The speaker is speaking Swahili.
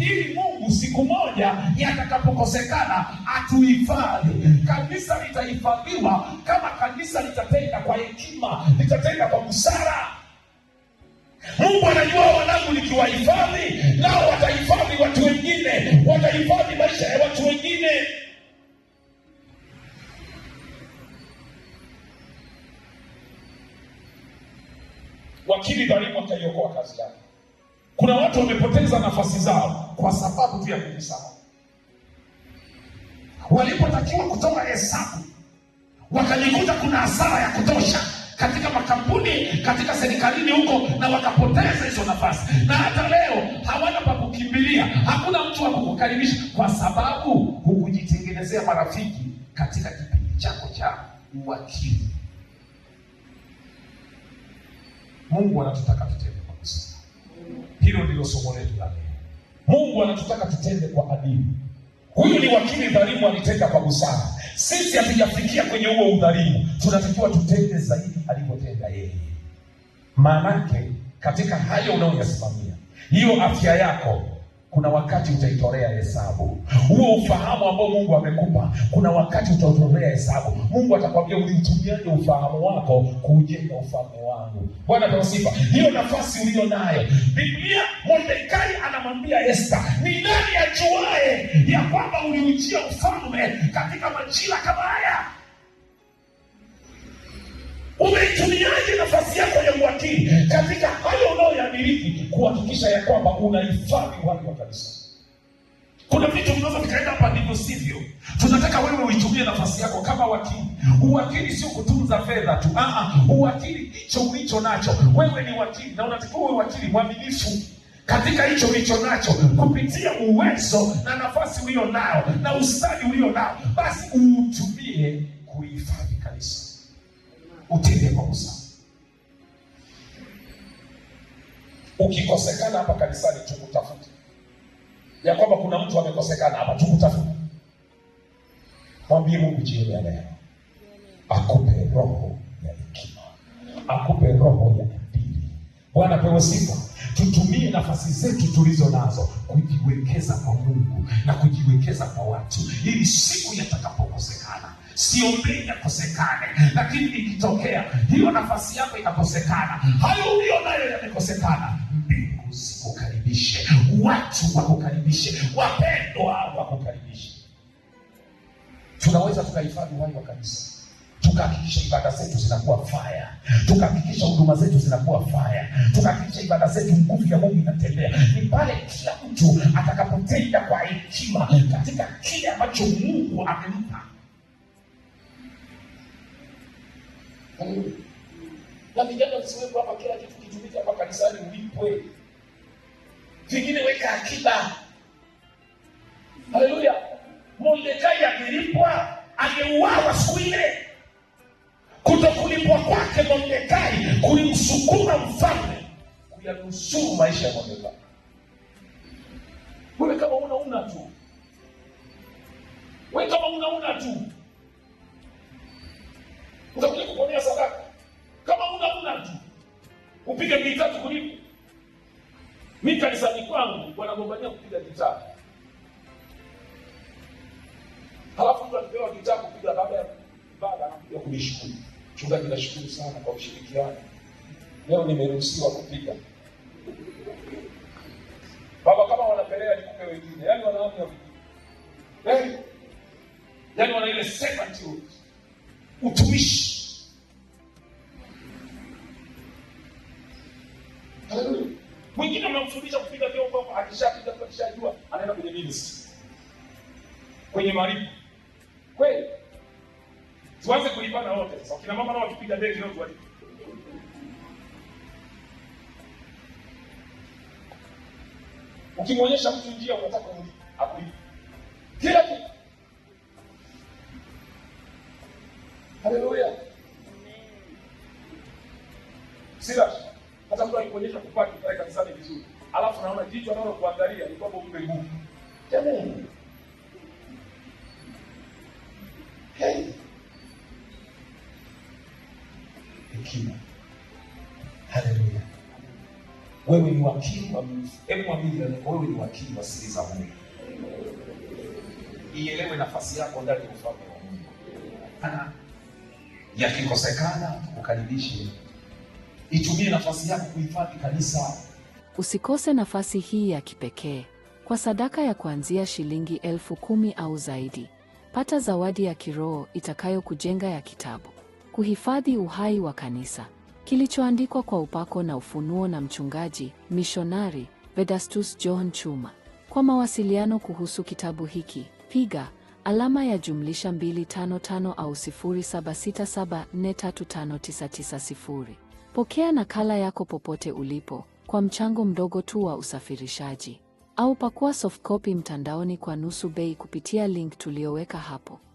ili Mungu siku moja yatakapokosekana atuhifadhi. Kanisa litahifadhiwa kama kanisa litatenda kwa hekima, litatenda kwa busara. Mungu anajua wanangu, nikiwahifadhi nao watahifadhi watu wengine, watahifadhi maisha ya watu wengine. Wakili dhalimu akaiokoa kazi yake. Kuna watu wamepoteza nafasi zao kwa sababu tu ya kujisahau. Walipotakiwa kutoa hesabu, wakajikuta kuna hasara ya kutosha katika makampuni, katika serikalini huko, na wakapoteza hizo nafasi, na hata leo hawana pa kukimbilia, hakuna mtu wa kukukaribisha, kwa sababu hukujitengenezea marafiki katika kipindi chako cha uwakili. Mungu anatutaka tutende kwa msima. Hilo ndilo somo letu la leo. Mungu anatutaka tutende kwa adili. Huyu ni wakili dhalimu, alitenda kwa busara. Sisi hatujafikia kwenye huo udhalimu, tunatakiwa tutende zaidi alivyotenda yeye. Maanake katika hayo unayoyasimamia, hiyo afya yako kuna wakati utaitolea hesabu. Huo ufahamu ambao Mungu amekupa, kuna wakati utautolea hesabu. Mungu atakwambia uliutumiaje ufahamu wako kuujenga ufalme wangu. Bwana atawasifa hiyo nafasi uliyo nayo. Biblia anamwambia Esta, ni nani ajuae ya kwamba uliujia ufalme katika majira kama haya? Umeitumiaje nafasi yako ya uwakili katika hayo unayoyamiliki kuhakikisha ya kwamba unahifadhi uhai wa kanisa? Kuna vitu vinaweza vikaenda hapa, ndivyo sivyo. Tunataka wewe uitumie nafasi yako kama wakili. Uwakili sio kutunza fedha tu, ah, ah uwakili ndicho ulicho nacho. Wewe ni wakili na unatakiwa uwe wakili mwaminifu katika hicho ulicho nacho kupitia uwezo na nafasi ulio nao na ustadi ulio nao, basi uutumie kuhifadhi kanisa, utende kwa busara. Ukikosekana hapa kanisani, tukutafuti ya kwamba kuna mtu amekosekana hapa, tukutafuti Mwambie Mungu jioni ya leo akupe roho ya hekima, akupe roho ya adili Bwana pewe sifa tutumie nafasi zetu tulizo nazo kujiwekeza kwa Mungu na kujiwekeza kwa watu, ili siku yatakapokosekana siombei yakosekane, lakini ikitokea hiyo nafasi yako inakosekana, hayo ulio nayo yamekosekana, mbingu zikukaribishe, watu wakukaribishe, wapendwa wakukaribishe. Tunaweza tukahifadhi uhai wa kanisa tukahakikisha ibada zetu zinakuwa faya tukahakikisha huduma zetu zinakuwa faya tukahakikisha ibada zetu nguvu ya Mungu inatembea. Ni pale kila mtu atakapotenda kwa hekima katika kile ambacho Mungu amempa. Na vijana msiwepo hapa, kila kitu kitumike hapa kanisani, ulipwe vingine, weka akiba. Haleluya! Mordekai akilipwa angeuawa siku ile kutokulipwa kwake Mordekai kulimsukuma mfalme kuyanusuru maisha ya Mordekai. Wewe kama unauna tu, wewe kama unauna tu utakuja kuponea sadaka. Kama unauna tu upige gitaa tukulipe. Mi kanisani kwangu wanagombania kupiga gitaa halafu mtu akipewa gitaa kupiga baada ya ibada anakuja kunishukuru. Mchungaji, nashukuru sana kwa ushirikiano. Leo nimeruhusiwa kupiga baba, kama wanapelea nikupe wengine, yaani wanaamua eh, yaani, yaani wana ile servanthood, utumishi. Mwingine unamfundisha kupiga vyombo, akishapiga akishajua anaenda kwenye ministry, kwenye maribu tuanze kulipana wote sasa. Kina mama nao wakipiga deni leo tuwalipe. Ukimwonyesha mtu njia unataka kumlipa, akulipe kila kitu. Haleluya, sila hata mtu akikuonyesha kupaki pale kanisani vizuri, alafu naona jicho analo kuangalia ni kwamba upe nguvu. Jamani, hekima. Haleluya! Wewe ni wakili wa Mungu. Hebu mwambie wewe ni wakili wa siri za Mungu. Ielewe nafasi yako ndani ya ufalme wa Mungu. Ana yakikosekana ukaribishe, itumie nafasi yako kuhifadhi kanisa. Usikose nafasi hii ya kipekee kwa sadaka ya kuanzia shilingi elfu kumi au zaidi. Pata zawadi ya kiroho itakayokujenga ya kitabu kuhifadhi uhai wa kanisa, kilichoandikwa kwa upako na ufunuo na mchungaji mishonari Vedastus John Chuma. Kwa mawasiliano kuhusu kitabu hiki piga alama ya jumlisha 255 au 0767435990. Pokea nakala yako popote ulipo kwa mchango mdogo tu wa usafirishaji, au pakua soft copy mtandaoni kwa nusu bei kupitia link tuliyoweka hapo.